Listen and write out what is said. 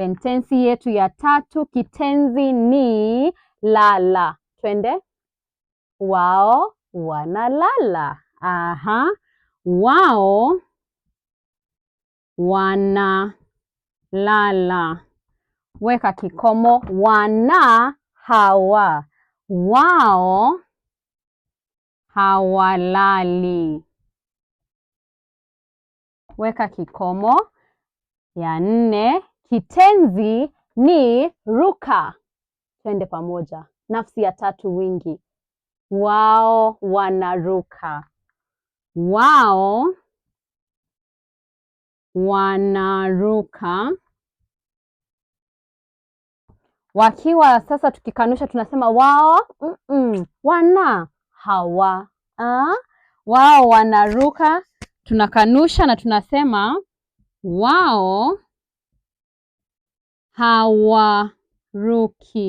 Sentensi yetu ya tatu kitenzi ni lala. Twende, wao wanalala. Aha, wao wanalala. Weka kikomo wana hawa, wao hawalali. Weka kikomo. Ya nne Kitenzi ni ruka. Twende pamoja. Nafsi ya tatu wingi. Wao wanaruka. Wao wanaruka wakiwa sasa, tukikanusha tunasema wao mm -mm, wana hawa ha? wao wanaruka. Tunakanusha na tunasema wao Hawaruki.